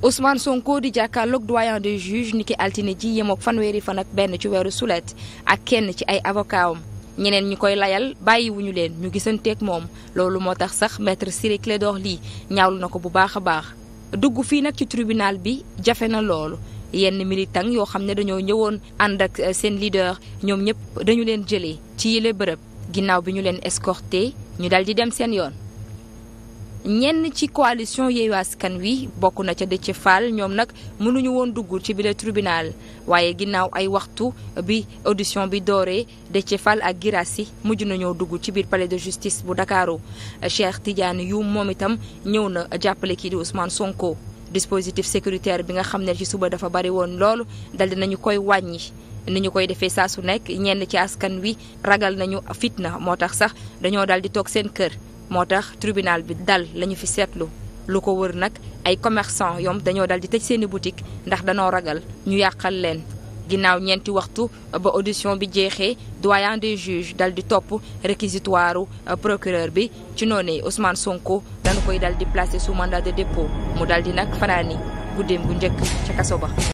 Ousmane Sonko di jàkkaarloog doyen des juges niki altine ji yemook fanweeri fan ak benn ci weeru sulet ak kenn ci ay avocat ñeneen ñi koy layal bàyyiwuñu leen ñu gisanteeg moom loolu moo tax sax maître Ciré Clédor lii ñaawlu na ko bu baax a baax dugg fii nag ci tribunal bi jafe na loolu yenn militant yoo xam ne dañoo ñëwoon ànd ak euh, seen leader ñoom ñëpp dañu leen jëlee ci yile bërëb ginnaaw bi ñu leen escorté ñu dal di dem seen yoon. ñenn ci coalition Yewwi Askan Wi bokk na ca Déthié Fall ñoom nag mënuñu woon dugg ci bile tribunal waaye ginnaaw ay waxtu bi audition bi dooree Déthié Fall ak Guirassy mujj nañoo dugg ci biir palais de justice bu Ndakaaru Cheikh Tidiane yu moom itam ñëw na jàppale kii di Ousmane Sonko dispositif sécuritaire bi nga xam ne ci suba dafa bari woon loolu daldi nañu koy wàññi ni ñu koy defee saa su nekk ñenn ci askan wi ragal nañu fitna moo tax sax dañoo daal di toog seen kër moo tax tribunal bi dal la ñu fi seetlu lu ko wër nag ay commerçant yom dañoo dal di tëj seeni boutique ndax danoo ragal ñu yàqal leen ginnaaw ñeenti waxtu ba audition bi jeexee doyen des juges dal di topp réquisitoire euh, procureur bi ci noonu Ousmane Sonko dañu koy dal di placer sous mandat de dépôt mu dal di nag fanaani guddeem bu njëkk ca kaso ba